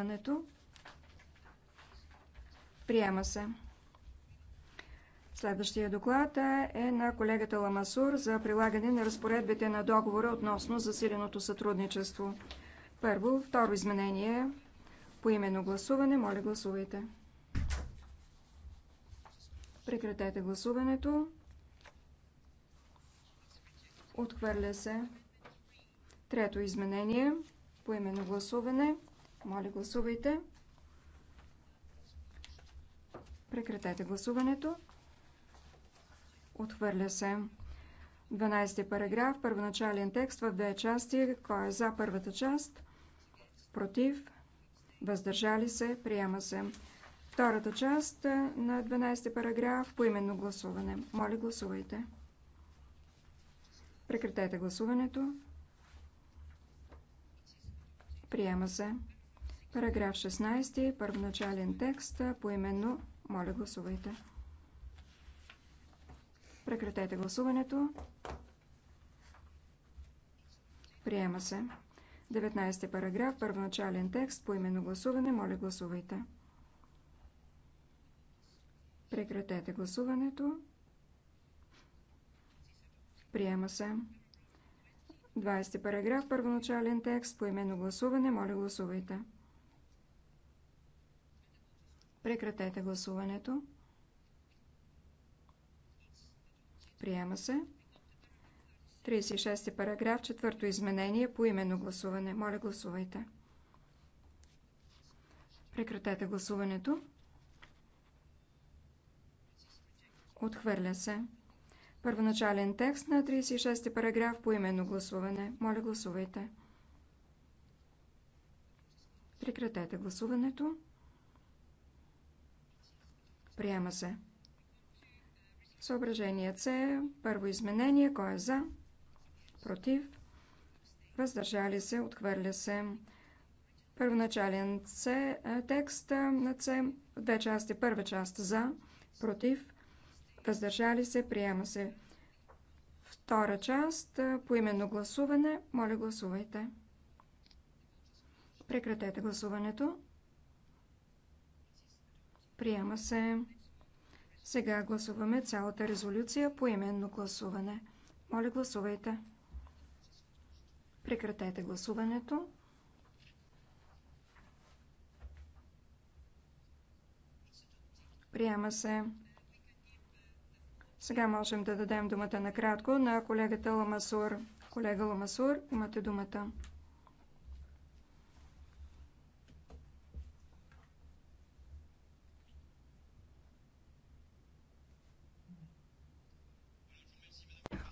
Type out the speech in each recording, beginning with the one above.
Гласуването. Приема се. Следващия доклад е на колегата Ламасур за прилагане на разпоредбите на договора относно засиленото сътрудничество. Първо, второ изменение по именно гласуване. Моля, гласувайте. Прекратете гласуването. Отхвърля се. Трето изменение по именно гласуване. Моля, гласувайте. Прекратете гласуването. Отхвърля се. 12 параграф, първоначален текст в две части. Кой е за първата част? Против? Въздържали се? Приема се. Втората част на 12 параграф по именно гласуване. Моля, гласувайте. Прекратете гласуването. Приема се. Параграф 16, първоначален текст, поименно, моля гласувайте. Прекратете гласуването. Приема се. 19 параграф, първоначален текст, поименно гласуване, моля гласувайте. Прекратете гласуването. Приема се. 20 параграф, първоначален текст, поименно гласуване, моля гласувайте. Прекратете гласуването. Приема се. 36 параграф, четвърто изменение по именно гласуване. Моля, гласувайте. Прекратете гласуването. Отхвърля се. Първоначален текст на 36 параграф по именно гласуване. Моля, гласувайте. Прекратете гласуването. Приема се. Съображение С. Първо изменение. Кой е за? Против. Въздържали се. Отхвърля се. Първоначален С. Е, текст на С. Две части. Първа част за. Против. Въздържали се. Приема се. Втора част. Е, поименно гласуване. Моля гласувайте. Прекратете гласуването. Приема се. Сега гласуваме цялата резолюция по именно гласуване. Моля, гласувайте. Прекратете гласуването. Приема се. Сега можем да дадем думата накратко на колегата Ламасур. Колега Ламасур, имате думата.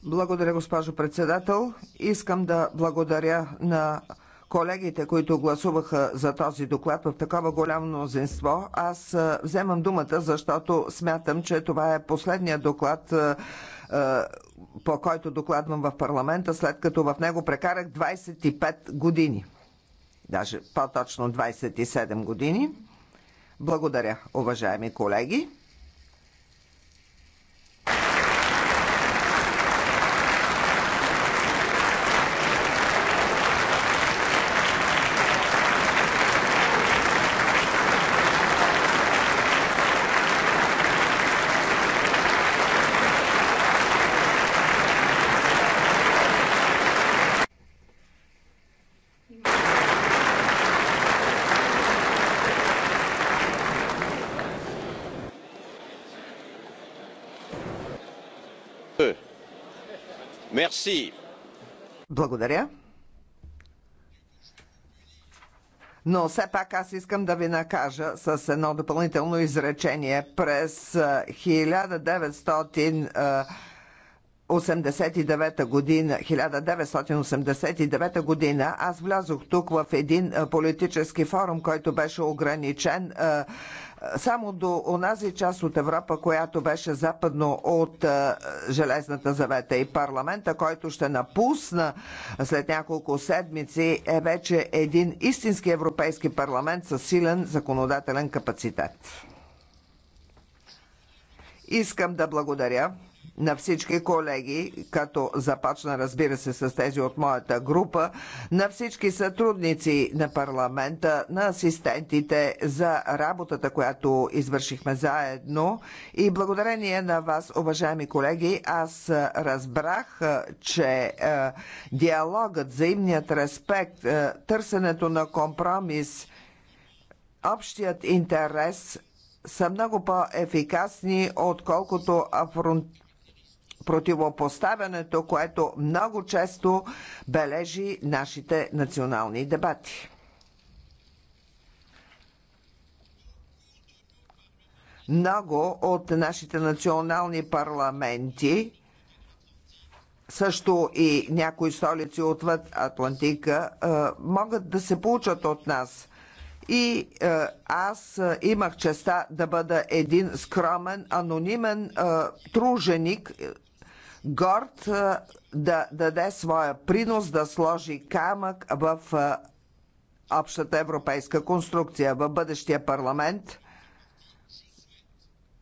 Благодаря, госпожо председател. Искам да благодаря на колегите, които гласуваха за този доклад в такова голямо мнозинство. Аз вземам думата, защото смятам, че това е последния доклад, по който докладвам в парламента, след като в него прекарах 25 години. Даже по-точно 27 години. Благодаря, уважаеми колеги. Благодаря. Но все пак аз искам да ви накажа с едно допълнително изречение. През 1989 година, 1989 година аз влязох тук в един политически форум, който беше ограничен само до онази част от Европа, която беше западно от е, Железната завета и парламента, който ще напусна след няколко седмици, е вече един истински европейски парламент с силен законодателен капацитет. Искам да благодаря на всички колеги, като започна, разбира се, с тези от моята група, на всички сътрудници на парламента, на асистентите за работата, която извършихме заедно. И благодарение на вас, уважаеми колеги, аз разбрах, че е, диалогът, взаимният респект, е, търсенето на компромис, общият интерес са много по-ефикасни, отколкото афронт противопоставянето, което много често бележи нашите национални дебати. Много от нашите национални парламенти също и някои столици отвъд Атлантика е, могат да се получат от нас. И е, аз е, имах честа да бъда един скромен, анонимен труженик горд да даде своя принос, да сложи камък в общата европейска конструкция. В бъдещия парламент,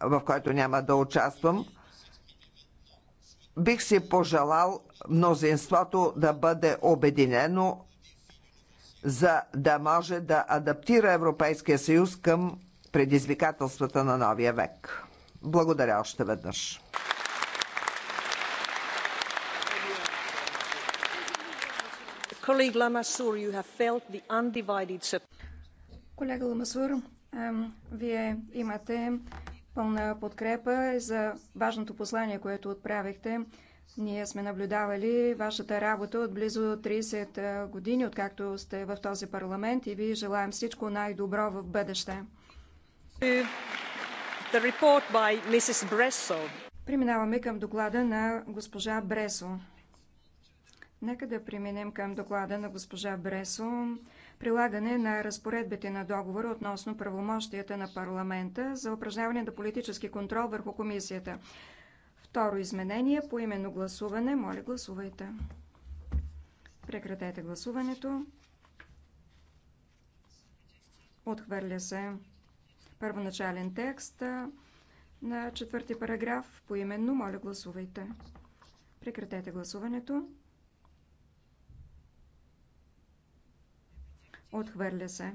в който няма да участвам, бих си пожелал мнозинството да бъде обединено, за да може да адаптира Европейския съюз към предизвикателствата на новия век. Благодаря още веднъж. Колега Ламасур, вие имате пълна подкрепа за важното послание, което отправихте. Ние сме наблюдавали вашата работа от близо 30 години, откакто сте в този парламент и ви желаем всичко най-добро в бъдеще. Преминаваме към доклада на госпожа Бресо. Нека да преминем към доклада на госпожа Бресо. Прилагане на разпоредбите на договора относно правомощията на парламента за упражняване на политически контрол върху комисията. Второ изменение по именно гласуване. Моля, гласувайте. Прекратете гласуването. Отхвърля се първоначален текст на четвърти параграф. По именно моля, гласувайте. Прекратете гласуването. Отхвърля се.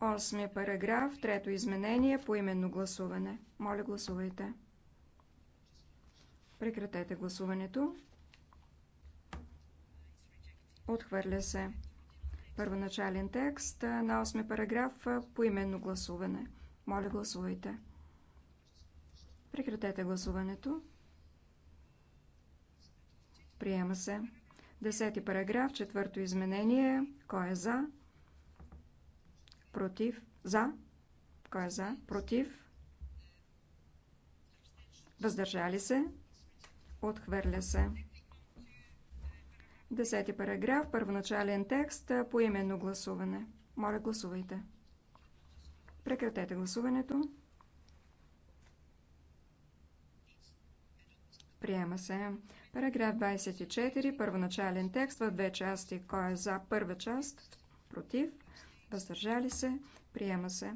Осми параграф, трето изменение, по именно гласуване. Моля, гласувайте. Прекратете гласуването. Отхвърля се. Първоначален текст на 8 параграф по именно гласуване. Моля, гласувайте. Прекратете гласуването. Приема се. Десети параграф, четвърто изменение. Кой е за? Против? За? Кой е за? Против? Въздържали се? Отхвърля се. Десети параграф, първоначален текст, по именно гласуване. Моля, гласувайте. Прекратете гласуването. Приема се. Параграф 24, първоначален текст в две части. Кой е за първа част? Против. Въздържали се. Приема се.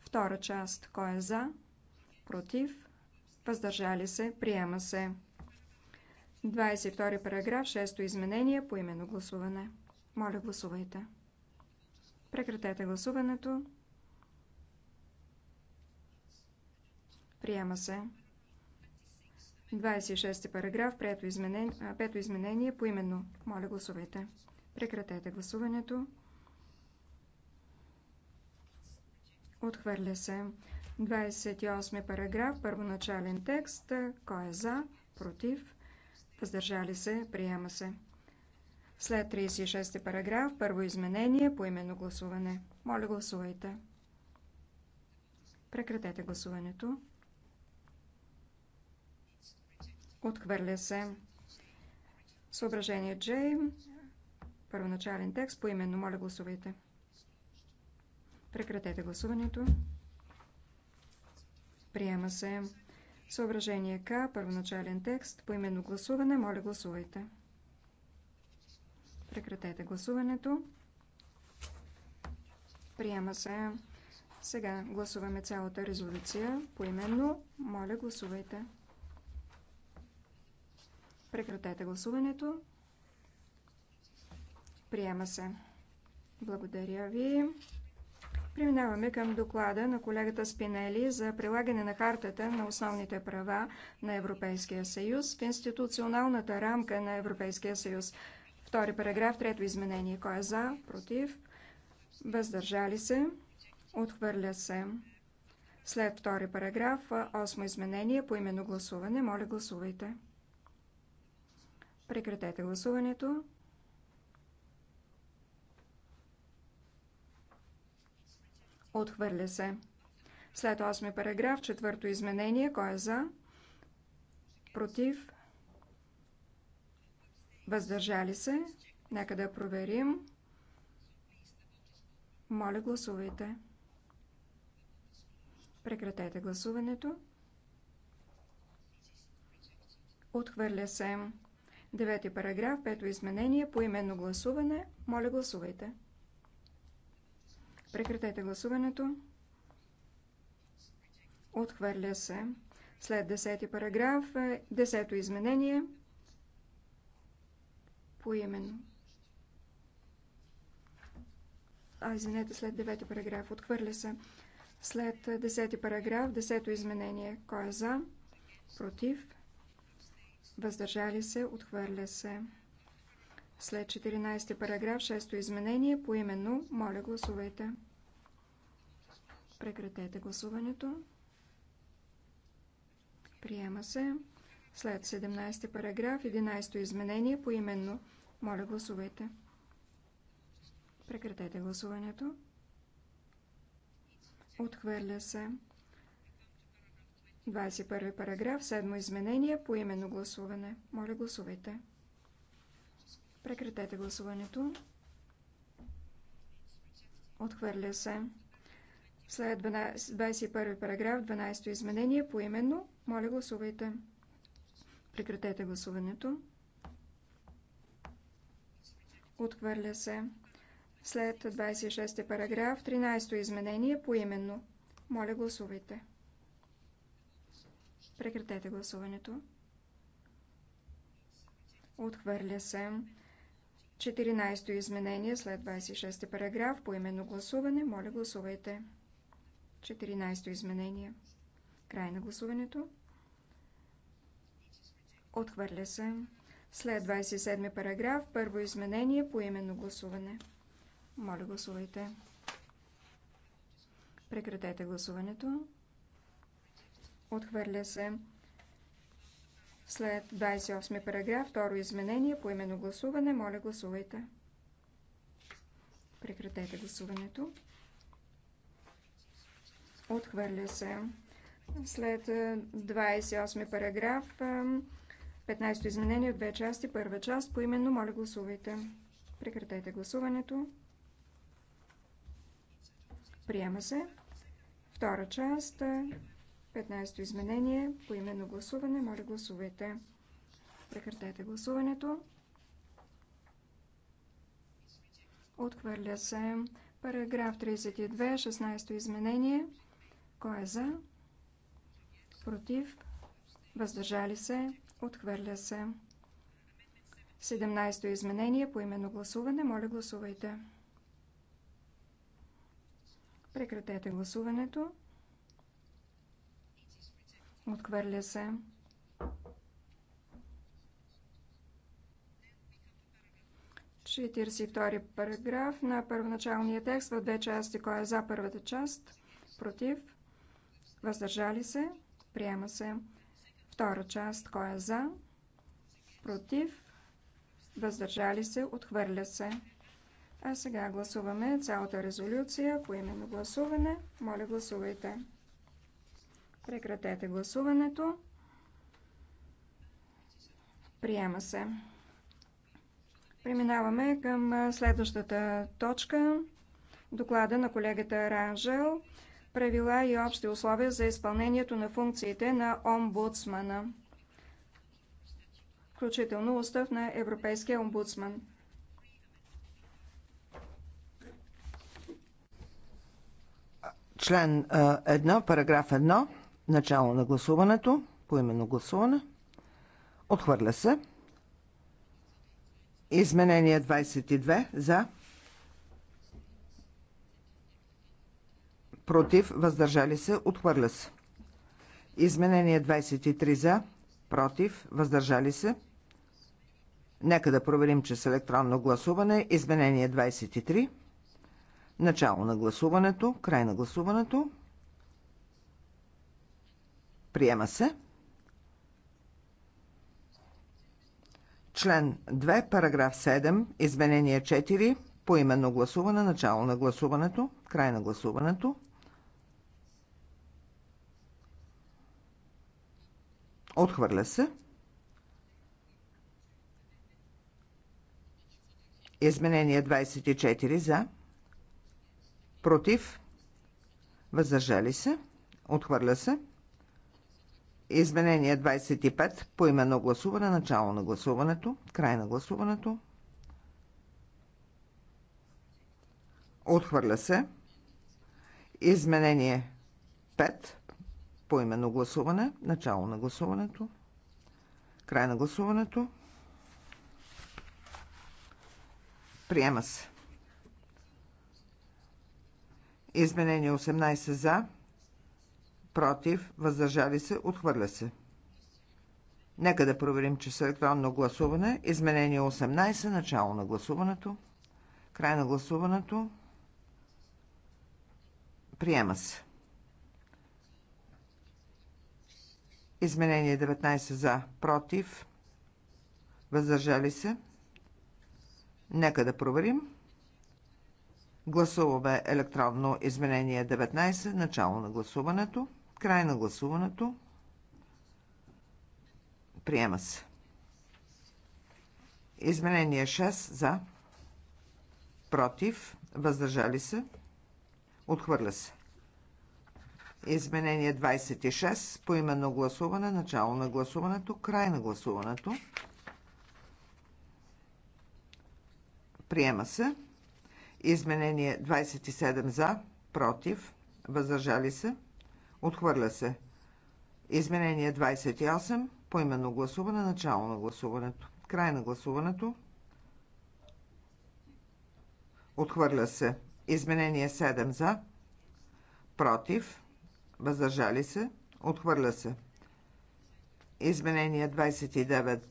Втора част. Кой е за? Против. Въздържали се. Приема се. 22 параграф, 6 изменение по именно гласуване. Моля, гласувайте. Прекратете гласуването. Приема се. 26 параграф, пето изменение, пето изменение поименно. Моля гласувайте. Прекратете гласуването. Отхвърля се. 28 параграф, първоначален текст. Кой е за? Против? Въздържали се? Приема се. След 36 параграф, първо изменение, по именно гласуване. Моля гласувайте. Прекратете гласуването. Отхвърля се. Съображение J. Първоначален текст. по именно Моля гласувайте. Прекратете гласуването. Приема се. Съображение К. Първоначален текст. по именно гласуване. Моля гласувайте. Прекратете гласуването. Приема се. Сега гласуваме цялата резолюция. по именно моля гласувайте. Прекратете гласуването. Приема се. Благодаря ви. Преминаваме към доклада на колегата Спинели за прилагане на хартата на основните права на Европейския съюз в институционалната рамка на Европейския съюз. Втори параграф, трето изменение. Кой е за? Против? Въздържали се? Отхвърля се. След втори параграф, осмо изменение по именно гласуване. Моля гласувайте. Прекратете гласуването. Отхвърля се. След 8 параграф, четвърто изменение. Кой е за? Против? Въздържали се? Нека да проверим. Моля, гласувайте. Прекратете гласуването. Отхвърля се. Девети параграф, пето изменение, по именно гласуване. Моля, гласувайте. Прекратете гласуването. Отхвърля се. След десети параграф, е, десето изменение, по именно. А, извинете, след девети параграф, отхвърля се. След десети параграф, десето изменение. Кой е за? Против? въздържали се, отхвърля се. След 14 параграф, 6 изменение, поименно, моля гласувайте. Прекратете гласуването. Приема се. След 17 параграф, 11 изменение, поименно, моля гласувайте. Прекратете гласуването. Отхвърля се. 21 параграф, 7 изменение, по именно гласуване. Моля, гласувайте. Прекратете гласуването. Отхвърля се. След 12, 21 параграф, 12 изменение, по именно. Моля, гласувайте. Прекратете гласуването. Отхвърля се. След 26 параграф, 13 изменение, по именно. Моля, гласувайте. Прекратете гласуването. Отхвърля се. 14-то изменение след 26 ти параграф по именно гласуване. Моля гласувайте. 14-то изменение. Край на гласуването. Отхвърля се. След 27 параграф първо изменение по именно гласуване. Моля гласувайте. Прекратете гласуването. Отхвърля се. След 28 параграф, второ изменение, по именно гласуване, моля гласувайте. Прекратете гласуването. Отхвърля се. След 28 е, параграф, 15 е, изменение от две части, първа част, по именно моля гласувайте. Прекратете гласуването. Приема се. Втора част, е, 15-то изменение по именно гласуване. Моля гласувайте. Прекратете гласуването. Отхвърля се параграф 32, 16-то изменение. Кой е за? Против? Въздържали се? Отхвърля се. 17-то изменение по именно гласуване. Моля гласувайте. Прекратете гласуването. Отхвърля се. Четиридесет втори параграф на първоначалния текст в две части. Кой е за първата част? Против? Въздържали се? Приема се. Втора част. Кой е за? Против? Въздържали се? Отхвърля се. А сега гласуваме цялата резолюция по именно гласуване. Моля, гласувайте. Прекратете гласуването. Приема се. Преминаваме към следващата точка. Доклада на колегата Ранжел. Правила и общи условия за изпълнението на функциите на омбудсмана. Включително устав на Европейския омбудсман. Член 1, параграф 1. Начало на гласуването. Поименно гласуване. Отхвърля се. Изменение 22 за. Против. Въздържали се. Отхвърля се. Изменение 23 за. Против. Въздържали се. Нека да проверим, че с електронно гласуване. Изменение 23. Начало на гласуването. Край на гласуването. Приема се. Член 2, параграф 7, изменение 4, поименно гласуване, начало на гласуването, край на гласуването. Отхвърля се. Изменение 24 за. Против. Въздържали се. Отхвърля се. Изменение 25 по гласуване, начало на гласуването, край на гласуването. Отхвърля се. Изменение 5 по гласуване, начало на гласуването, край на гласуването. Приема се. Изменение 18 за, против, въздържали се, отхвърля се. Нека да проверим, че с електронно гласуване. Изменение 18, начало на гласуването, край на гласуването. Приема се. Изменение 19 за, против, въздържали се. Нека да проверим. Гласуваме електронно изменение 19, начало на гласуването. Край на гласуването. Приема се. Изменение 6 за. Против. Въздържали се. Отхвърля се. Изменение 26. по именно гласуване. Начало на гласуването. Край на гласуването. Приема се. Изменение 27 за. Против. Въздържали се. Отхвърля се. Изменение 28. Поименно гласуване. Начало на гласуването. Край на гласуването. Отхвърля се. Изменение 7 за. Против. Въздържали се. Отхвърля се. Изменение 29.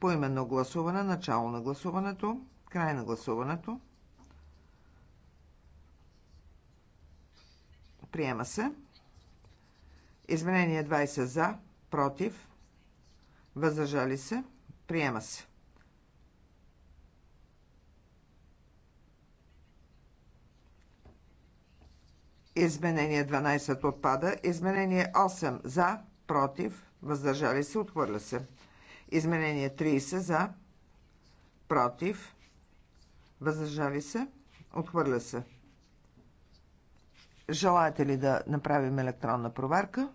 Поименно гласуване. Начало на гласуването. Край на гласуването. Приема се. Изменение 20 за, против, въздържали се, приема се. Изменение 12 отпада. Изменение 8 за, против, въздържали се, отхвърля се. Изменение 30 за, против, въздържали се, отхвърля се. Желаете ли да направим електронна проверка?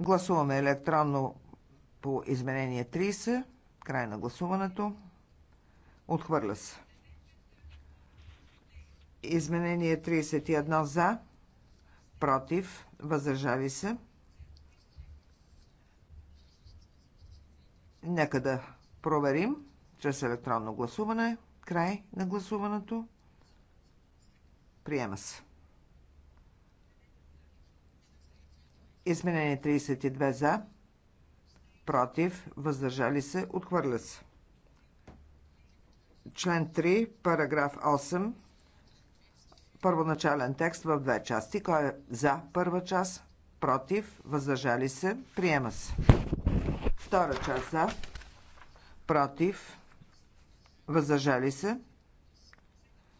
Гласуваме електронно по изменение 30. Край на гласуването. Отхвърля се. Изменение 31 за, против, въздържали се. Нека да проверим чрез електронно гласуване. Край на гласуването. Приема се. Изменение 32 за, против, въздържали се, отхвърля се. Член 3, параграф 8, първоначален текст в две части. Кой е за първа част, против, въздържали се, приема се. Втора част за, против, въздържали се.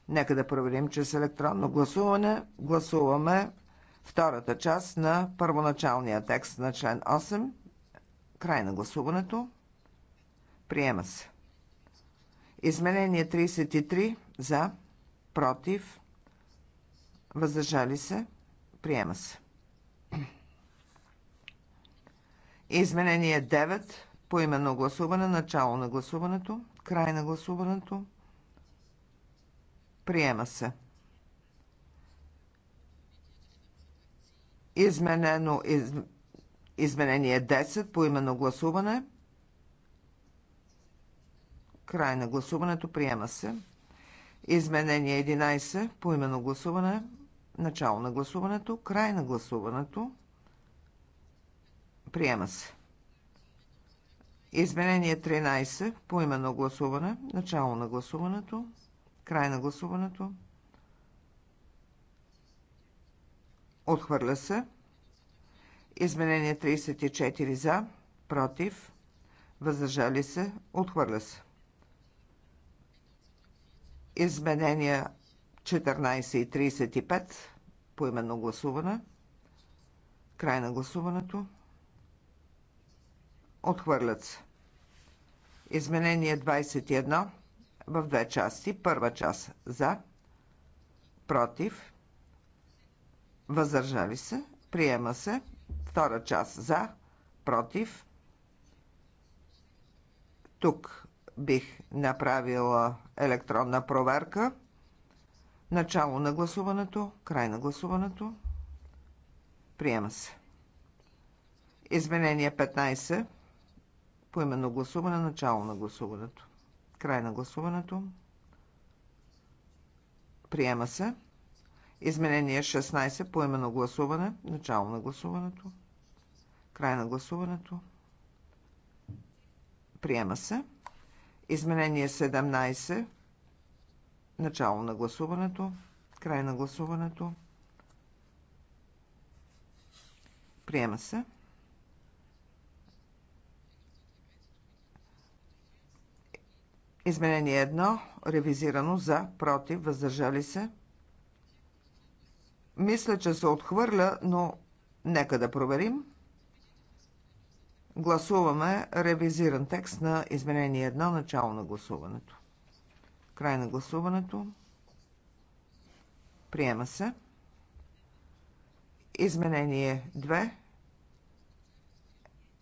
Нека да проверим, че с електронно гласуване гласуваме втората част на първоначалния текст на член 8. Край на гласуването. Приема се. Изменение 33 за, против, въздържали се. Приема се. Изменение 9 по именно гласуване, начало на гласуването, край на гласуването. Приема се. Изменено из... изменение 10 по именно гласуване. Край на гласуването приема се. Изменение 11 по именно гласуване. Начало на гласуването, край на гласуването. Приема се. Изменение 13. Поименно гласуване. Начало на гласуването. Край на гласуването. Отхвърля се. Изменение 34 за. Против. Въздържали се. Отхвърля се. Изменения 14 и 35. Поименно гласуване. Край на гласуването. Отхвърлят се. Изменение 21 в две части. Първа част за, против, въздържали се, приема се. Втора част за, против. Тук бих направила електронна проверка. Начало на гласуването, край на гласуването. Приема се. Изменение 15 Поименно гласуване, начало на гласуването. Край на гласуването. Приема се. Изменение 16. Поименно гласуване. Начало на гласуването. Край на гласуването. Приема се. Изменение 17. Начало на гласуването. Край на гласуването. Приема се. Изменение 1, ревизирано за, против, въздържали се. Мисля, че се отхвърля, но нека да проверим. Гласуваме ревизиран текст на изменение 1, начало на гласуването. Край на гласуването. Приема се. Изменение 2.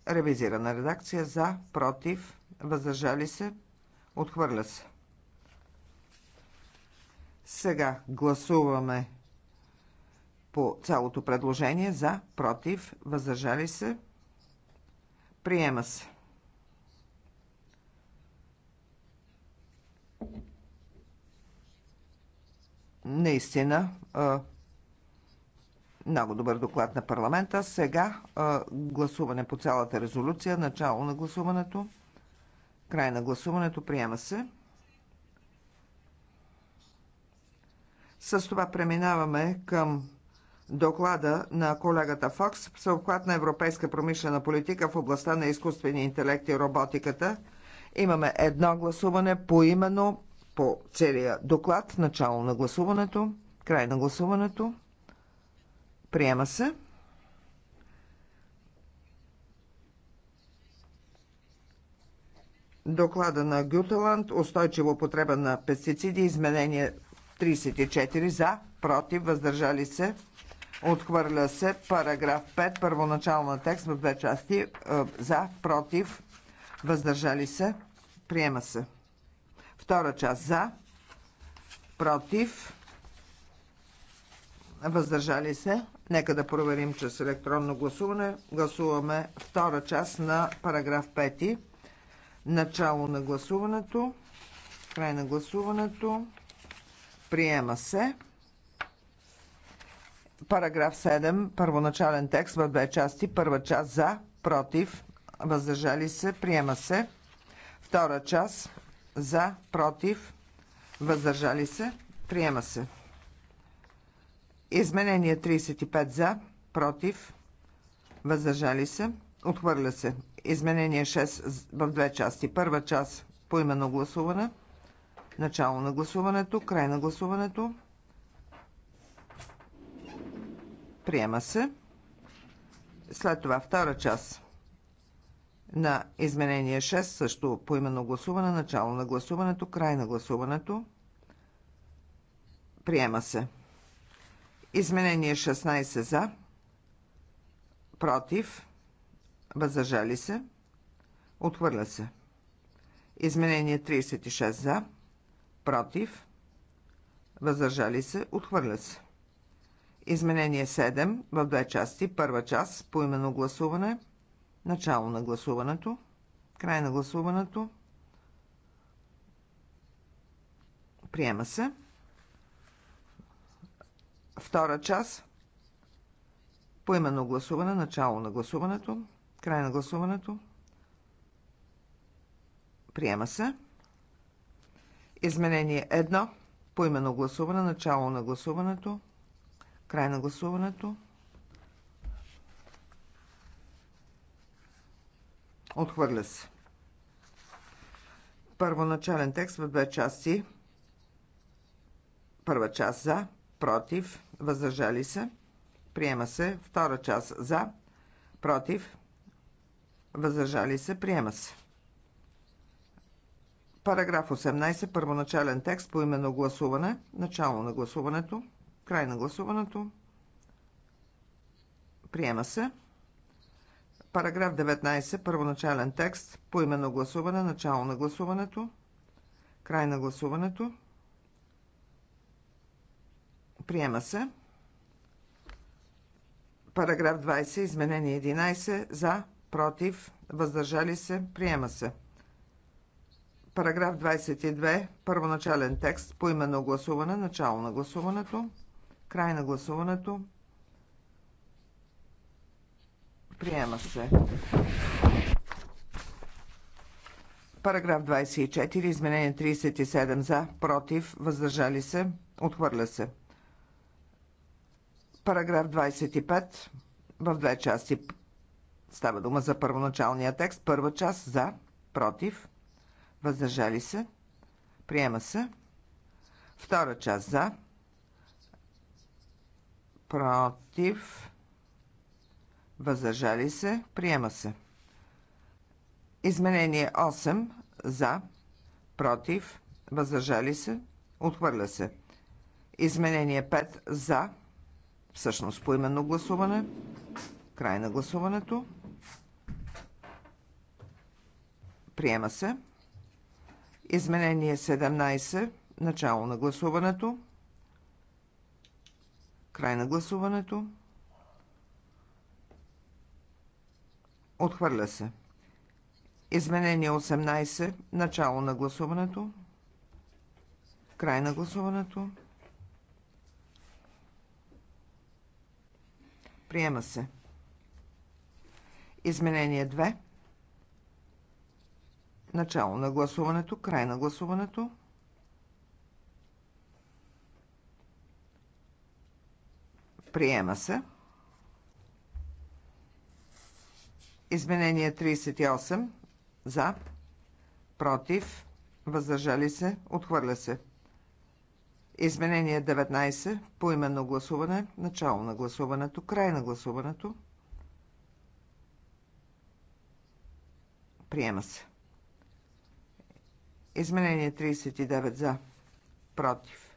Ревизирана редакция за, против, въздържали се. Отхвърля се. Сега гласуваме по цялото предложение за, против, въздържали се. Приема се. Наистина, много добър доклад на парламента. Сега гласуване по цялата резолюция, начало на гласуването. Край на гласуването. Приема се. С това преминаваме към доклада на колегата Фокс съобхват на европейска промишлена политика в областта на изкуствения интелект и роботиката. Имаме едно гласуване по именно по целия доклад. Начало на гласуването. Край на гласуването. Приема се. доклада на Гютеланд, устойчиво потреба на пестициди, изменение 34 за, против, въздържали се. Отхвърля се параграф 5, първоначална текст в две части, е, за, против, въздържали се, приема се. Втора част за, против, въздържали се. Нека да проверим чрез електронно гласуване. Гласуваме втора част на параграф 5. Начало на гласуването. Край на гласуването. Приема се. Параграф 7. Първоначален текст в две части. Първа част за, против, въздържали се. Приема се. Втора част за, против, въздържали се. Приема се. Изменение 35 за, против, въздържали се. Отхвърля се. Изменение 6 в две части. Първа част по именно гласуване. Начало на гласуването, край на гласуването. Приема се. След това втора част на изменение 6, също по именно гласуване, начало на гласуването, край на гласуването. Приема се. Изменение 16 за, против, въздържали се, отхвърля се. Изменение 36 за, против, въздържали се, отхвърля се. Изменение 7 в две части. Първа част по именно гласуване. Начало на гласуването. Край на гласуването. Приема се. Втора част по гласуване. Начало на гласуването. Край на гласуването. Приема се. Изменение 1. Поименно гласуване. Начало на гласуването. Край на гласуването. Отхвърля се. Първоначален текст в две части. Първа част за, против, въздържали се. Приема се. Втора част за, против, въздържали се, приема се. Параграф 18, първоначален текст по именно гласуване, начало на гласуването, край на гласуването, приема се. Параграф 19, първоначален текст по именно гласуване, начало на гласуването, край на гласуването, приема се. Параграф 20, изменение 11, за, против, въздържали се, приема се. Параграф 22, първоначален текст, по именно гласуване, начало на гласуването, край на гласуването, приема се. Параграф 24, изменение 37 за, против, въздържали се, отхвърля се. Параграф 25 в две части. Става дума за първоначалния текст. Първа част за, против, въздържали се, приема се. Втора част за, против, въздържали се, приема се. Изменение 8 за, против, въздържали се, отхвърля се. Изменение 5 за, всъщност поименно гласуване, край на гласуването. Приема се. Изменение 17. Начало на гласуването. Край на гласуването. Отхвърля се. Изменение 18. Начало на гласуването. Край на гласуването. Приема се. Изменение 2. Начало на гласуването, край на гласуването. Приема се. Изменение 38. За. Против. Въздържали се. Отхвърля се. Изменение 19. Поименно гласуване. Начало на гласуването. Край на гласуването. Приема се. Изменение 39 за. Против.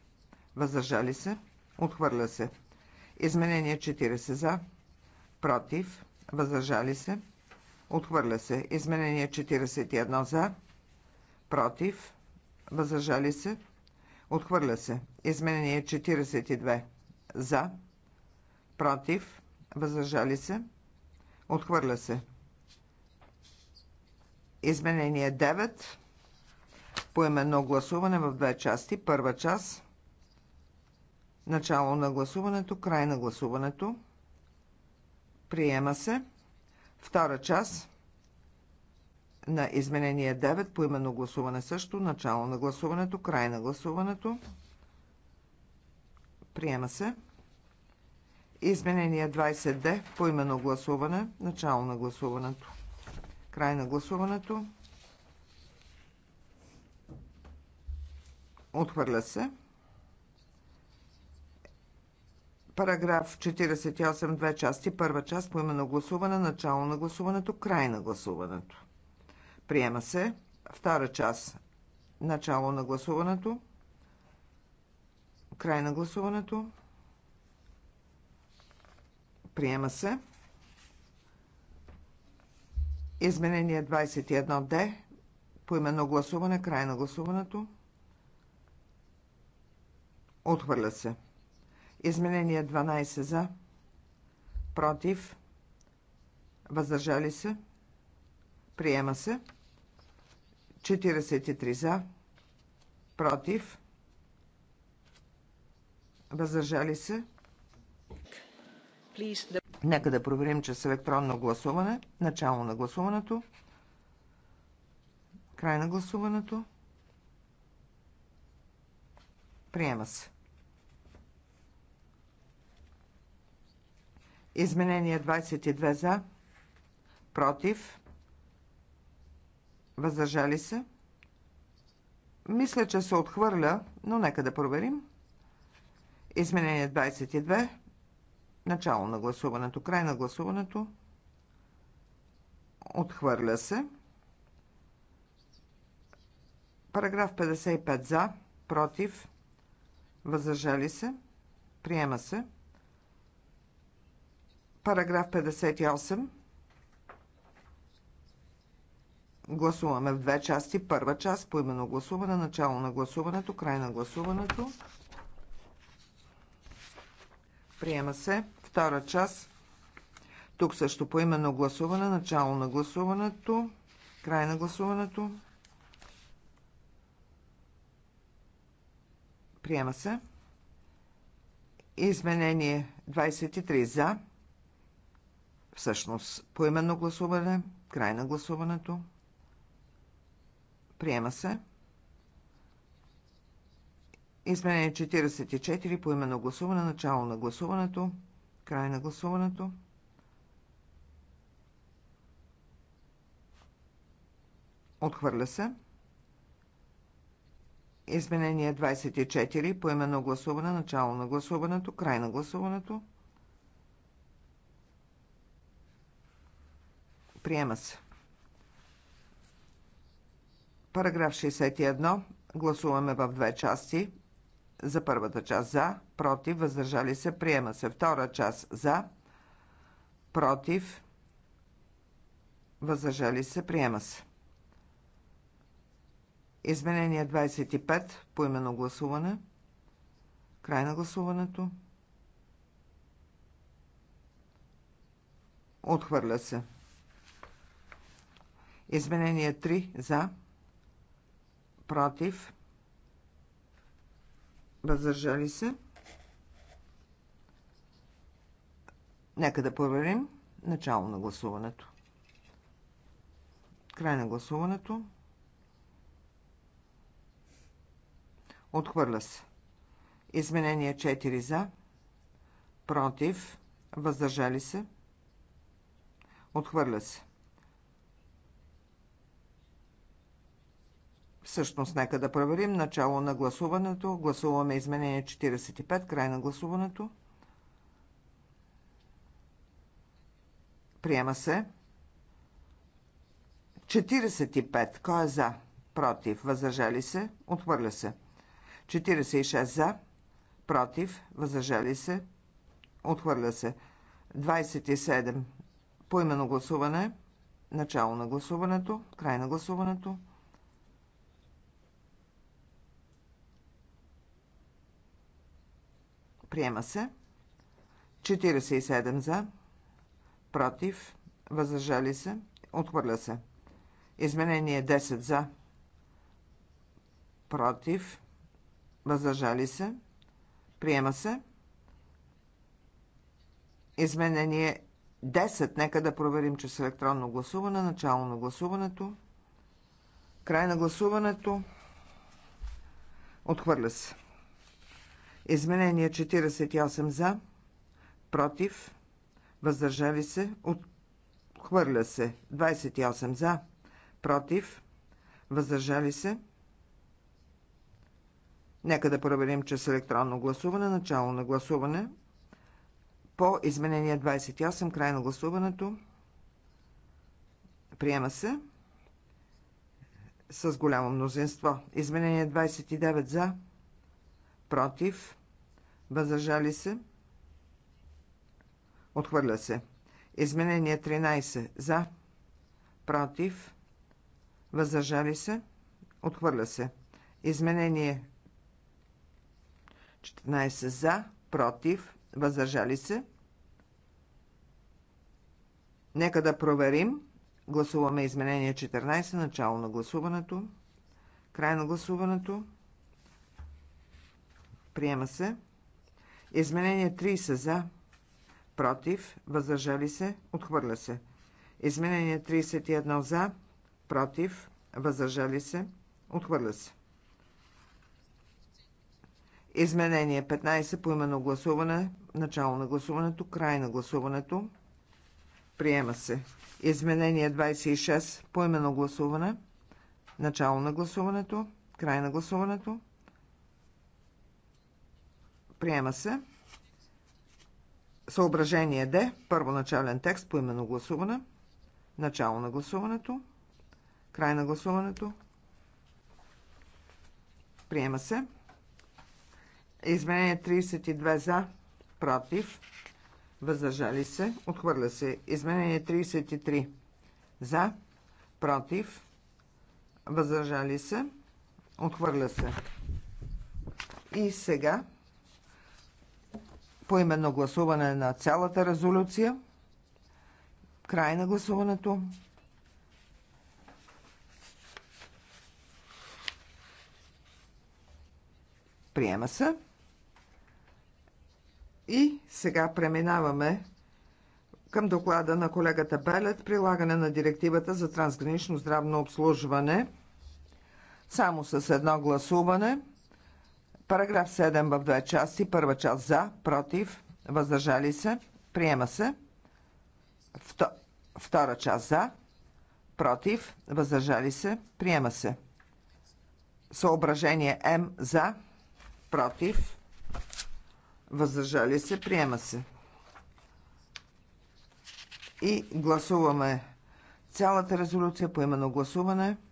Въздържали се. Отхвърля се. Изменение 40 за. Против. Въздържали се. Отхвърля се. Изменение 41 за. Против. Въздържали се. Отхвърля се. Изменение 42 за. Против. Въздържали се. Отхвърля се. Изменение 9 поименно гласуване в две части. Първа част – начало на гласуването, край на гласуването. Приема се. Втора част на изменение 9, поименно гласуване също, начало на гласуването, край на гласуването. Приема се. Изменение 20D, поименно гласуване, начало на гласуването, край на гласуването. Отхвърля се. Параграф 48, две части. Първа част по именно гласуване, начало на гласуването, край на гласуването. Приема се. Втора част. Начало на гласуването. Край на гласуването. Приема се. Изменение 21D. именно гласуване. Край на гласуването. Отхвърля се. Изменение 12 за. Против. Въздържали се. Приема се. 43 за. Против. Въздържали се. Нека да проверим, че с електронно гласуване, начало на гласуването, край на гласуването, приема се. Изменение 22 за, против, въздържали се. Мисля, че се отхвърля, но нека да проверим. Изменение 22. Начало на гласуването, край на гласуването. Отхвърля се. Параграф 55 за, против, въздържали се, приема се. Параграф 58. Гласуваме в две части. Първа част по именно гласуване, начало на гласуването, край на гласуването. Приема се. Втора част. Тук също по именно гласуване, начало на гласуването, край на гласуването. Приема се. Изменение 23 за. Всъщност, поименно гласуване, край на гласуването. Приема се. Изменение 44, поименно гласуване, начало на гласуването, край на гласуването. Отхвърля се. Изменение 24, поименно гласуване, начало на гласуването, край на гласуването. Приема се. Параграф 61. Гласуваме в две части. За първата част за, против, въздържали се, приема се. Втора част за, против, въздържали се, приема се. Изменение 25 по именно гласуване. Край на гласуването. Отхвърля се. Изменение 3 за, против, въздържали се. Нека да проверим начало на гласуването. Край на гласуването. Отхвърля се. Изменение 4 за, против, въздържали се. Отхвърля се. Всъщност, нека да проверим начало на гласуването. Гласуваме изменение 45, край на гласуването. Приема се. 45. Кой е за? Против. Възражали се? Отхвърля се. 46 за. Против. Възражали се? Отхвърля се. 27. Поименно гласуване. Начало на гласуването. Край на гласуването. Приема се. 47 за. Против. Въздържали се. Отхвърля се. Изменение 10 за. Против. Въздържали се. Приема се. Изменение 10. Нека да проверим, че с електронно гласуване. Начало на гласуването. Край на гласуването. Отхвърля се. Изменение 48 за, против, въздържали се, отхвърля се. 28 за, против, въздържали се. Нека да проверим че с електронно гласуване, начало на гласуване. По изменение 28, край на гласуването. Приема се с голямо мнозинство. Изменение 29 за, против, възражали се, отхвърля се. Изменение 13 за, против, възражали се, отхвърля се. Изменение 14 за, против, възражали се. Нека да проверим. Гласуваме изменение 14, начало на гласуването, край на гласуването. Приема се. Изменение 30 за. Против. Въздържали се. Отхвърля се. Изменение 31 за. Против. Въздържали се. Отхвърля се. Изменение 15 по именно гласуване. Начало на гласуването. Край на гласуването. Приема се. Изменение 26 по именно гласуване. Начало на гласуването. Край на гласуването. Приема се. Съображение Д. Първоначален текст по именно гласуване. Начало на гласуването. Край на гласуването. Приема се. Изменение 32 за, против, въздържали се, отхвърля се. Изменение 33 за, против, въздържали се, отхвърля се. И сега по именно гласуване на цялата резолюция. Край на гласуването. Приема се. И сега преминаваме към доклада на колегата Белет прилагане на директивата за трансгранично здравно обслужване. Само с едно гласуване. Параграф 7 в две части. Първа част за, против, въздържали се, приема се. Втора част за, против, въздържали се, приема се. Съображение М за, против, въздържали се, приема се. И гласуваме цялата резолюция по именно гласуване –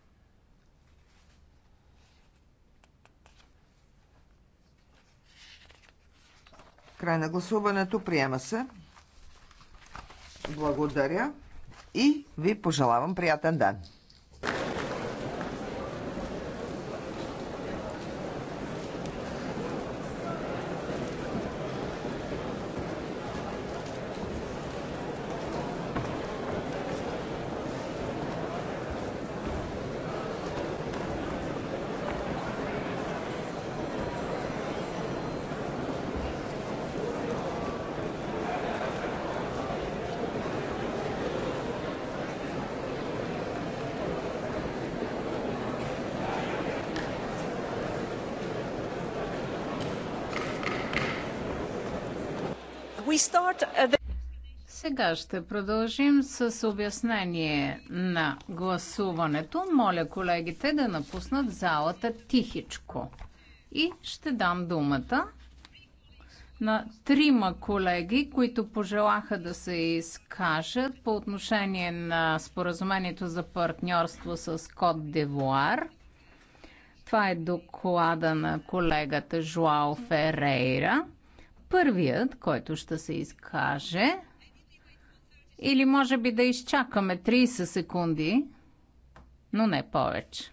Край на гласуването. Приема се. Благодаря и ви пожелавам приятен ден. Uh, Сега ще продължим с обяснение на гласуването. Моля колегите да напуснат залата тихичко. И ще дам думата на трима колеги, които пожелаха да се изкажат по отношение на споразумението за партньорство с Кот Девуар. Това е доклада на колегата Жуал Ферейра първият, който ще се изкаже. Или може би да изчакаме 30 секунди, но не повече.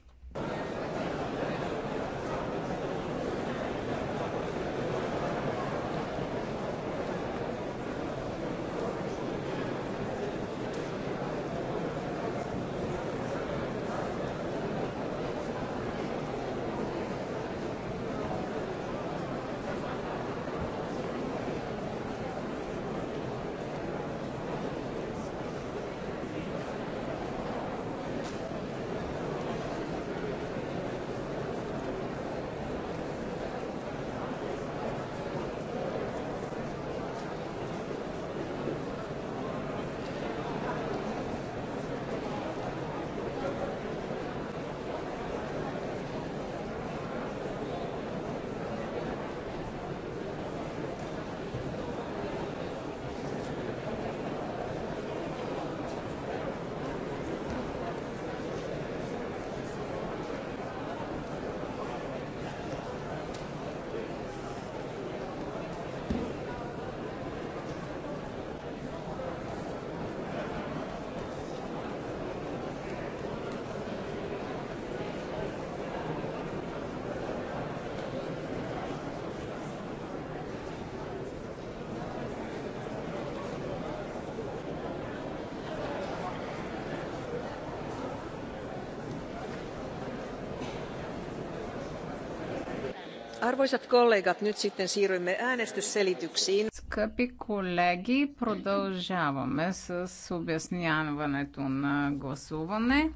Arvoisat kollegat, nyt sitten siirrymme äänestysselityksiin. Скъпи колеги, продължаваме с обясняването на гласуване.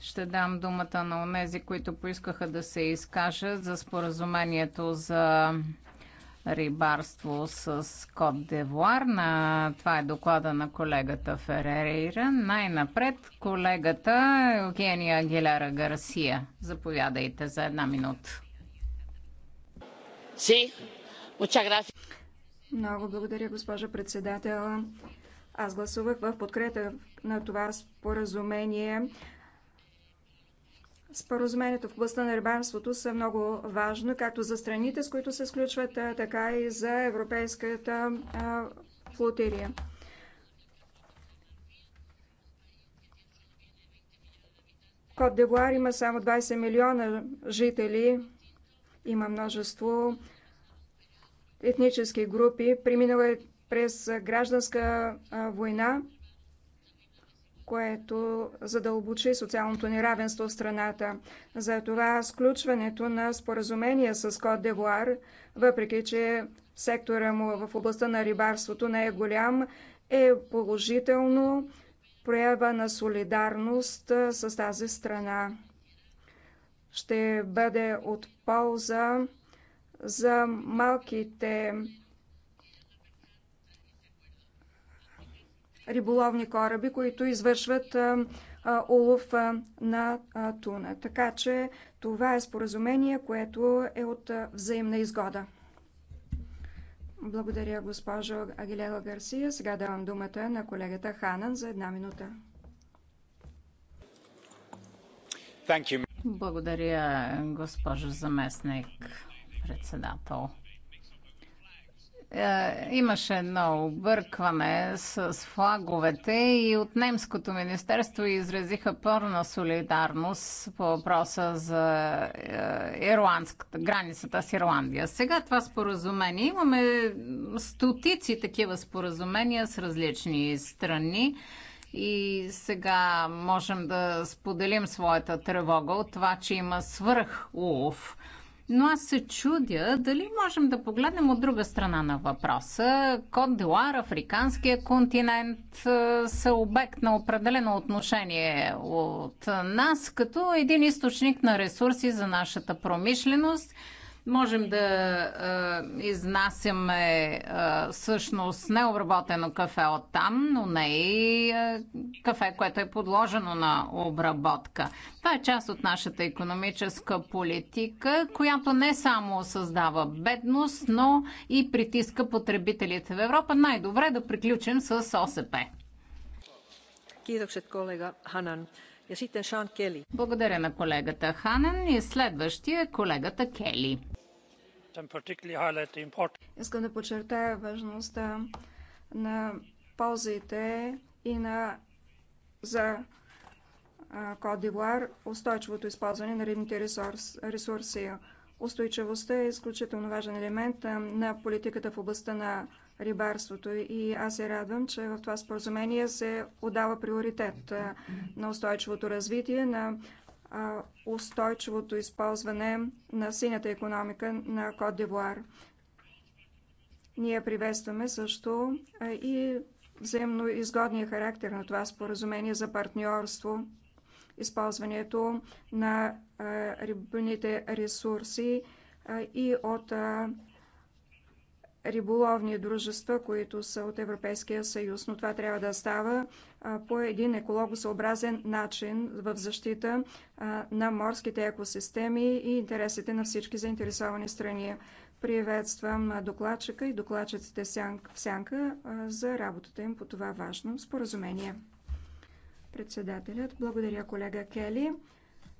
Ще дам думата на онези, които поискаха да се изкажат за споразумението за рибарство с Кот Девуар. На... Това е доклада на колегата Феререйра. Най-напред колегата Евгения Агилера Гарсия. Заповядайте за една минута. Си, Много благодаря, госпожа председател. Аз гласувах в подкрепа на това споразумение Споразумението в областта на рибарството са много важно, както за страните, с които се сключват, така и за европейската флотерия. Кот Девуар има само 20 милиона жители, има множество етнически групи, преминала е през гражданска война което задълбочи социалното неравенство в страната. Затова сключването на споразумение с Кот Девуар, въпреки че сектора му в областта на рибарството не е голям, е положително проява на солидарност с тази страна. Ще бъде от полза за малките риболовни кораби, които извършват улов на туна. Така че това е споразумение, което е от взаимна изгода. Благодаря, госпожо Агилела Гарсия. Сега давам думата на колегата Ханан за една минута. Благодаря, госпожо заместник председател. Е, имаше едно объркване с флаговете и от немското министерство изразиха пълна солидарност по въпроса за е, ирландската, границата с Ирландия. Сега това споразумение, имаме стотици такива споразумения с различни страни и сега можем да споделим своята тревога от това, че има свръх улов. Но аз се чудя дали можем да погледнем от друга страна на въпроса. Кот Дилар, африканския континент е, са обект на определено отношение от нас като един източник на ресурси за нашата промишленост – Можем да а, изнасяме а, всъщност необработено кафе от там, но не и а, кафе, което е подложено на обработка. Това е част от нашата економическа политика, която не само създава бедност, но и притиска потребителите в Европа. Най-добре да приключим с ОСП. Кидоксет колега Ханан. Благодаря на колегата Ханан и следващия е колегата Кели. Искам да подчертая важността на ползите и на за Кодивуар устойчивото използване на рибните ресурси. Устойчивостта е изключително важен елемент на политиката в областта на рибарството и аз се радвам, че в това споразумение се отдава приоритет на устойчивото развитие на устойчивото използване на синята економика на Кот Дивуар. Ние приветстваме също и взаимно изгодния характер на това споразумение за партньорство, използването на рибните ресурси и от риболовни дружества, които са от Европейския съюз, но това трябва да става по един екологосъобразен начин в защита на морските екосистеми и интересите на всички заинтересовани страни. Приветствам докладчика и докладчиците в сянка за работата им по това важно споразумение. Председателят, благодаря колега Кели.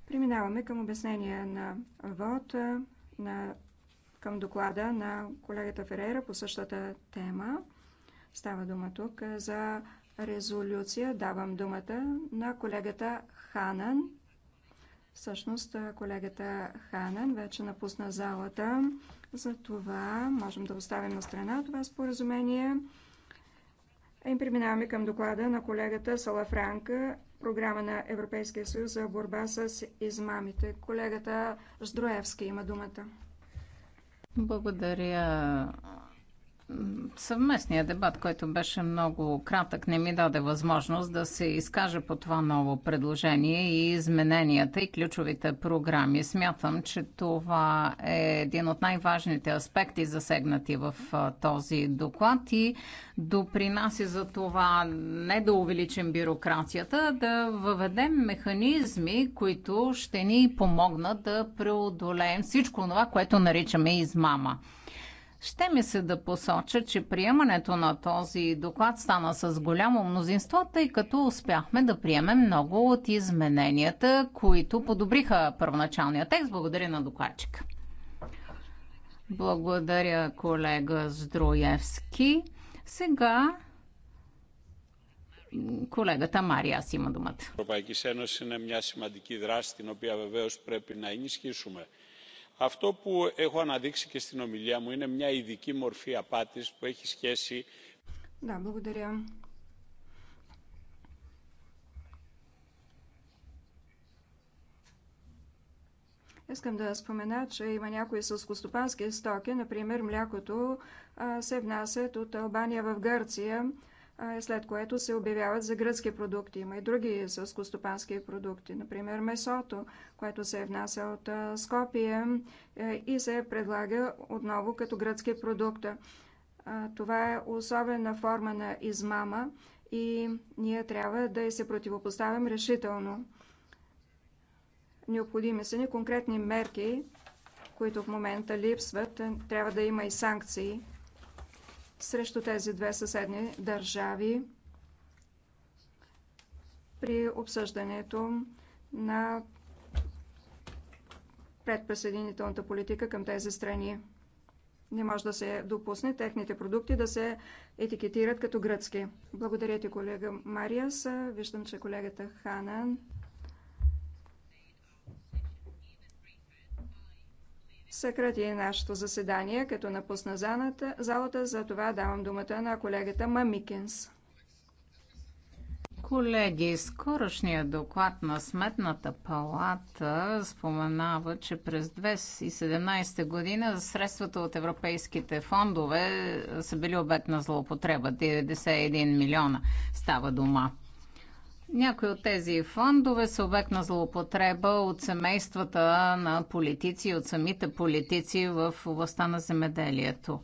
Преминаваме към обяснение на ВОД на към доклада на колегата Ферейра по същата тема. Става дума тук за резолюция. Давам думата на колегата Ханан. Всъщност, колегата Ханан вече напусна залата. За това можем да оставим на страна това споразумение. И преминаваме към доклада на колегата Салафранка, програма на Европейския съюз за борба с измамите. Колегата Здроевски има думата. Благодаря, Съвместният дебат, който беше много кратък, не ми даде възможност да се изкаже по това ново предложение и измененията и ключовите програми. Смятам, че това е един от най-важните аспекти, засегнати в този доклад и допринася за това не да увеличим бюрокрацията, да въведем механизми, които ще ни помогнат да преодолеем всичко това, което наричаме измама. Ще ми се да посоча, че приемането на този доклад стана с голямо мнозинство, тъй като успяхме да приемем много от измененията, които подобриха първоначалния текст. Благодаря на докладчика. Благодаря, колега Здроевски. Сега колегата Мария си има думата. Европейски съюз е една σημαντική δράση, която, οποία βεβαίως πρέπει αυτό που έχω αναδείξει και στην ομιλία μου είναι μια ειδική μορφή απάτης που έχει σχέση... Да, благодаря. Искам да спомена, че има някои сълскостопански стоки, например млякото се внасят от Албания в Гърция след което се обявяват за гръцки продукти. Има и други сълскостопански продукти, например месото, което се внася от Скопие е, и се предлага отново като гръцки продукт. Това е особена форма на измама и ние трябва да се противопоставим решително. Необходими са ни конкретни мерки, които в момента липсват. Трябва да има и санкции срещу тези две съседни държави при обсъждането на предпресъединителната политика към тези страни. Не може да се допусне техните продукти да се етикетират като гръцки. Благодаря ти, колега Мариас. Виждам, че колегата Ханан съкрати нашето заседание, като напусна заната, залата. За това давам думата на колегата Мамикинс. Колеги, скорошният доклад на Сметната палата споменава, че през 2017 година средствата от европейските фондове са били обект на злоупотреба. 91 милиона става дума. Някои от тези фондове са обект на злоупотреба от семействата на политици, от самите политици в областта на земеделието.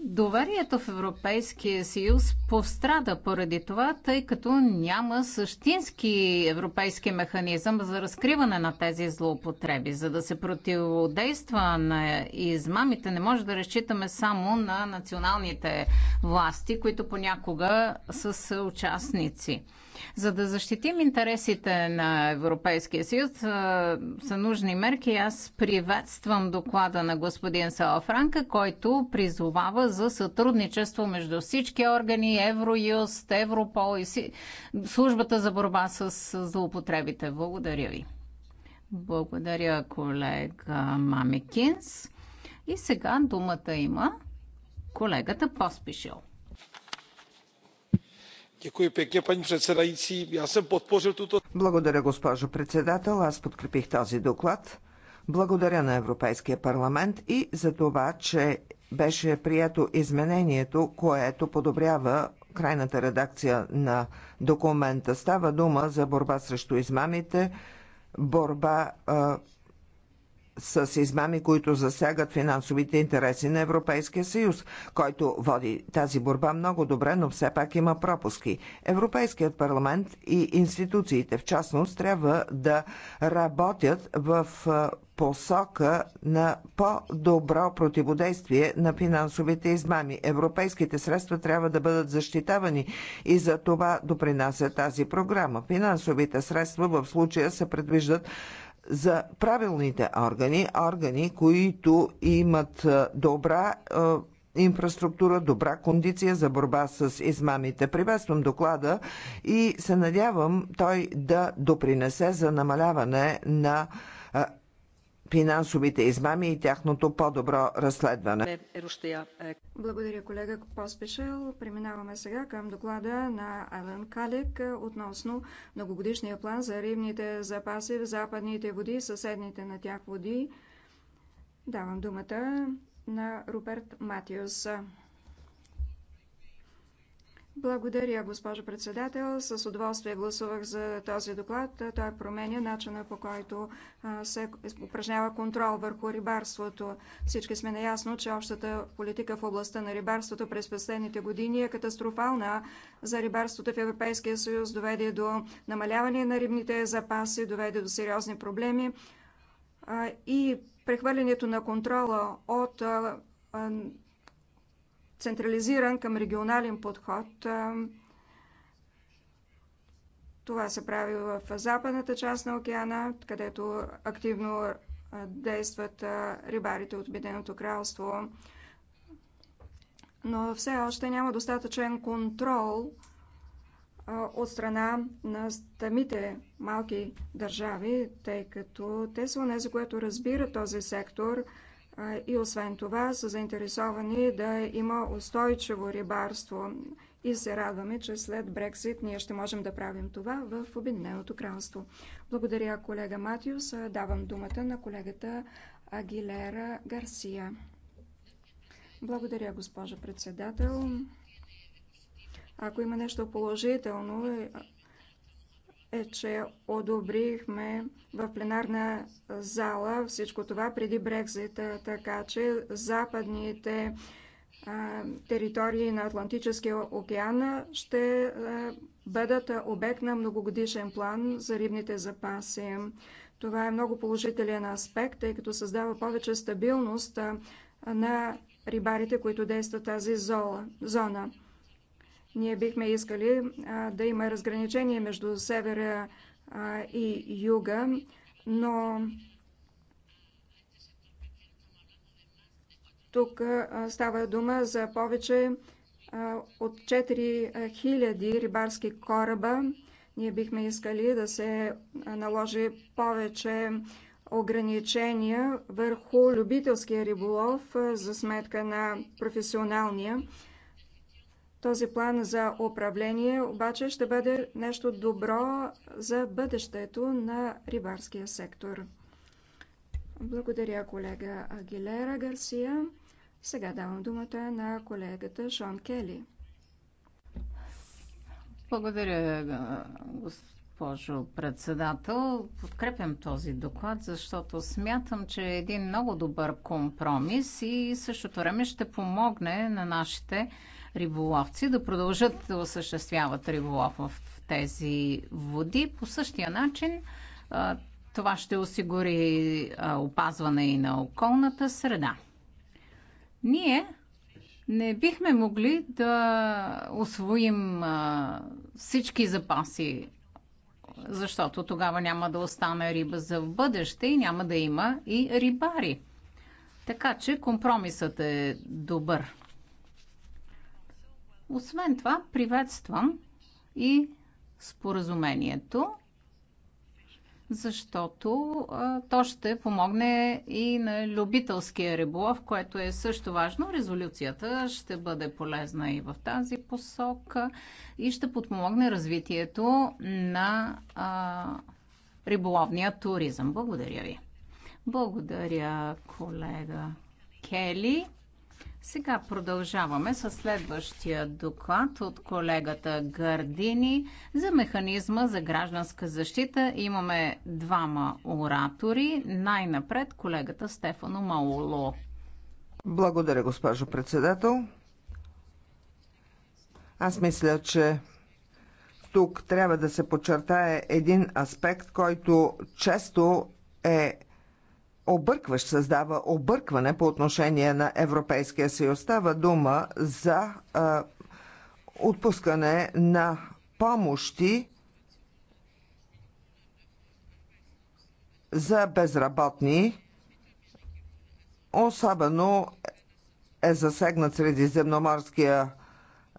Доверието в Европейския съюз пострада поради това, тъй като няма същински европейски механизъм за разкриване на тези злоупотреби. За да се противодейства на измамите, не може да разчитаме само на националните власти, които понякога са съучастници. За да защитим интересите на Европейския съюз са нужни мерки. Аз приветствам доклада на господин Салафранка, който призовава за сътрудничество между всички органи, Евроюст, Европол и службата за борба с злоупотребите. Благодаря ви. Благодаря, колега Мамикинс. И сега думата има колегата Поспишил. Благодаря, госпожо председател. Аз подкрепих този доклад. Благодаря на Европейския парламент и за това, че беше прието изменението, което подобрява крайната редакция на документа. Става дума за борба срещу измамите, борба а, с измами, които засягат финансовите интереси на Европейския съюз, който води тази борба много добре, но все пак има пропуски. Европейският парламент и институциите в частност трябва да работят в посока на по-добро противодействие на финансовите измами. Европейските средства трябва да бъдат защитавани и за това допринася тази програма. Финансовите средства в случая се предвиждат за правилните органи, органи, които имат добра инфраструктура, добра кондиция за борба с измамите. Приветствам доклада и се надявам той да допринесе за намаляване на финансовите измами и тяхното по-добро разследване. Благодаря, колега Поспешел. Преминаваме сега към доклада на Ален Калек относно многогодишния план за рибните запаси в западните води съседните на тях води. Давам думата на Руперт Матиус. Благодаря, госпожо председател. С удоволствие гласувах за този доклад. Той променя начина по който се упражнява контрол върху рибарството. Всички сме наясно, че общата политика в областта на рибарството през последните години е катастрофална за рибарството в Европейския съюз, доведе до намаляване на рибните запаси, доведе до сериозни проблеми и прехвърлянето на контрола от централизиран към регионален подход. Това се прави в западната част на океана, където активно действат рибарите от Обединеното кралство. Но все още няма достатъчен контрол от страна на самите малки държави, тъй като те са онези, които разбират този сектор – и освен това са заинтересовани да има устойчиво рибарство. И се радваме, че след Брексит ние ще можем да правим това в Обединеното кралство. Благодаря, колега Матиус. Давам думата на колегата Агилера Гарсия. Благодаря, госпожа председател. Ако има нещо положително е, е, че одобрихме в пленарна зала всичко това преди Брекзита, така че западните територии на Атлантическия океан ще бъдат обект на многогодишен план за рибните запаси. Това е много положителен аспект, тъй като създава повече стабилност на рибарите, които действат тази зона. Ние бихме искали да има разграничение между севера и юга, но тук става дума за повече от 4000 рибарски кораба. Ние бихме искали да се наложи повече ограничения върху любителския риболов за сметка на професионалния. Този план за управление обаче ще бъде нещо добро за бъдещето на рибарския сектор. Благодаря, колега Агилера Гарсия. Сега давам думата на колегата Шон Кели. Благодаря, госпожо председател. Подкрепям този доклад, защото смятам, че е един много добър компромис и същото време ще помогне на нашите риболовци да продължат да осъществяват риболов в тези води. По същия начин това ще осигури опазване и на околната среда. Ние не бихме могли да освоим всички запаси, защото тогава няма да остане риба за в бъдеще и няма да има и рибари. Така че компромисът е добър. Освен това, приветствам и споразумението, защото а, то ще помогне и на любителския риболов, което е също важно. Резолюцията ще бъде полезна и в тази посока и ще подпомогне развитието на а, риболовния туризъм. Благодаря ви. Благодаря, колега Кели. Сега продължаваме с следващия доклад от колегата Гардини за механизма за гражданска защита. Имаме двама оратори. Най-напред колегата Стефано Мауло. Благодаря, госпожо председател. Аз мисля, че тук трябва да се подчертае един аспект, който често е объркващ, създава объркване по отношение на Европейския съюз. Става дума за а, отпускане на помощи за безработни, особено е засегнат средиземноморския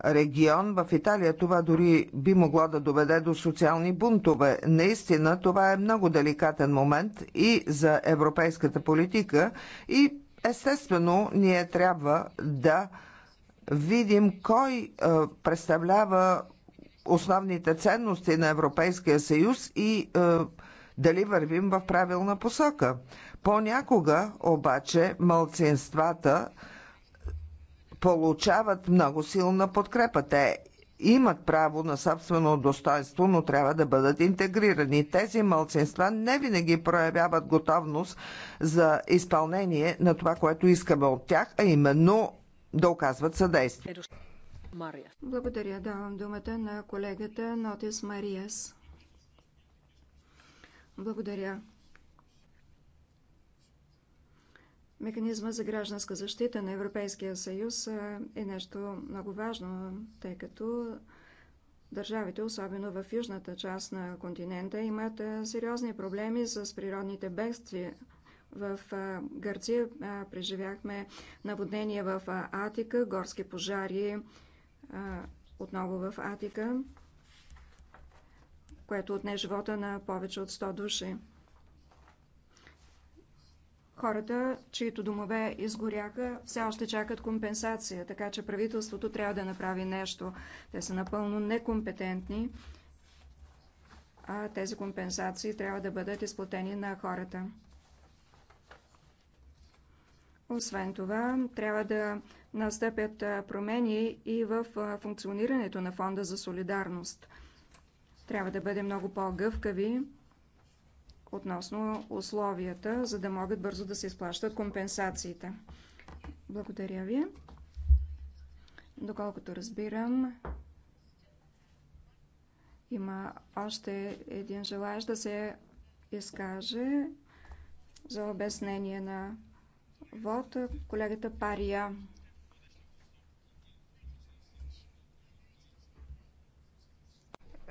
регион в Италия. Това дори би могло да доведе до социални бунтове. Наистина това е много деликатен момент и за европейската политика и естествено ние трябва да видим кой е, представлява основните ценности на Европейския съюз и е, дали вървим в правилна посока. Понякога обаче мълцинствата получават много силна подкрепа. Те имат право на собствено достоинство, но трябва да бъдат интегрирани. Тези мълцинства не винаги проявяват готовност за изпълнение на това, което искаме от тях, а именно да оказват съдействие. Благодаря. Давам думата на колегата Нотис Мариас. Благодаря. Механизма за гражданска защита на Европейския съюз е, е нещо много важно, тъй като държавите, особено в южната част на континента, имат е, сериозни проблеми с природните бедствия. В е, Гърция преживяхме наводнения в Атика, горски пожари отново в Атика, което отне живота на повече от 100 души. Хората, чието домове изгоряха, все още чакат компенсация, така че правителството трябва да направи нещо. Те са напълно некомпетентни, а тези компенсации трябва да бъдат изплатени на хората. Освен това, трябва да настъпят промени и в функционирането на Фонда за солидарност. Трябва да бъде много по-гъвкави относно условията, за да могат бързо да се изплащат компенсациите. Благодаря ви. Доколкото разбирам, има още един желаящ да се изкаже за обяснение на вод. Колегата Пария.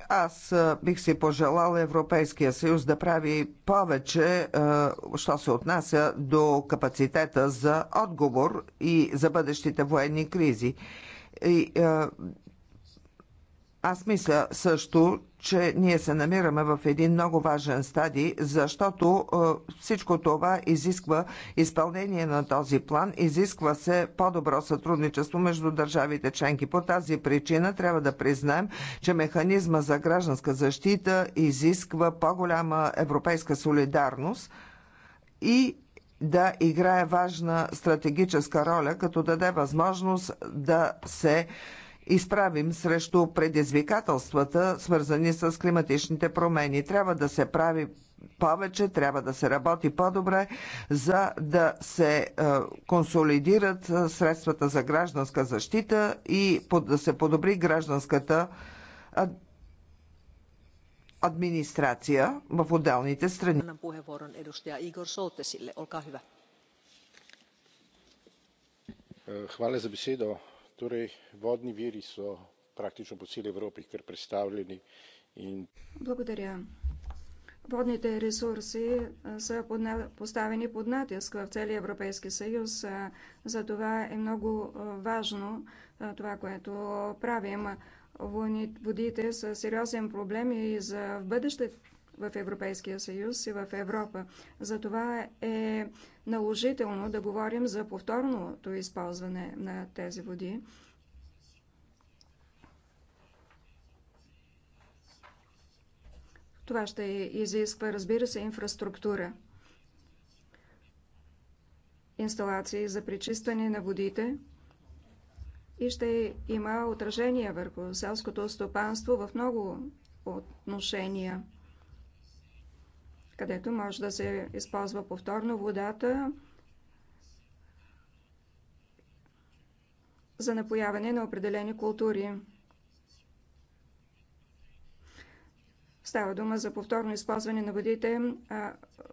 Аз бих си пожелал Европейския съюз да прави повече, що се отнася до капацитета за отговор и за бъдещите военни кризи. И, аз мисля също, че ние се намираме в един много важен стадий, защото е, всичко това изисква изпълнение на този план, изисква се по-добро сътрудничество между държавите членки. По тази причина трябва да признаем, че механизма за гражданска защита изисква по-голяма европейска солидарност и да играе важна стратегическа роля, като даде възможност да се изправим срещу предизвикателствата, свързани с климатичните промени. Трябва да се прави повече, трябва да се работи по-добре, за да се е, консолидират е, средствата за гражданска защита и да се подобри гражданската администрация в отделните страни. Hvala е, за беседо, Torej, vodni viri so praktično po celi Evropi kar predstavljeni. In... Благодаря. Водните ресурси са поставени под натиск в целия Европейски съюз. Затова е много важно това, което правим. Водите са сериозен проблем и за в бъдещето в Европейския съюз и в Европа. Затова е наложително да говорим за повторното използване на тези води. Това ще изисква, разбира се, инфраструктура. Инсталации за причистване на водите и ще има отражение върху селското стопанство в много отношения – където може да се използва повторно водата за напояване на определени култури. Става дума за повторно използване на водите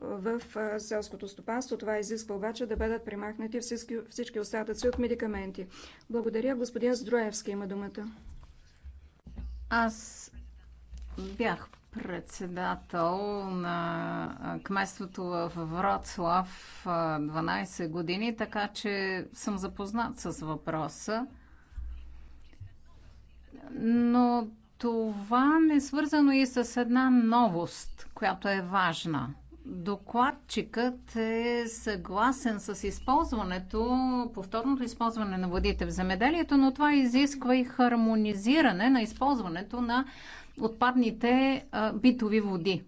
в селското стопанство. Това изисква обаче да бъдат примахнати всички остатъци от медикаменти. Благодаря. Господин Здроевски има думата. Аз бях председател на кместото в Вроцлав 12 години, така че съм запознат с въпроса. Но това не е свързано и с една новост, която е важна. Докладчикът е съгласен с използването, повторното използване на водите в земеделието, но това изисква и хармонизиране на използването на отпадните битови води.